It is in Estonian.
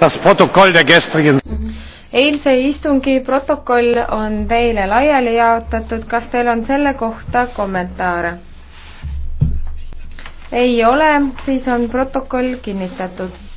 Das Protokoll der gestrigen eilse istungi protokoll on teile laiali jaotatud, kas teil on selle kohta kommentaare? ei ole, siis on protokoll kinnitatud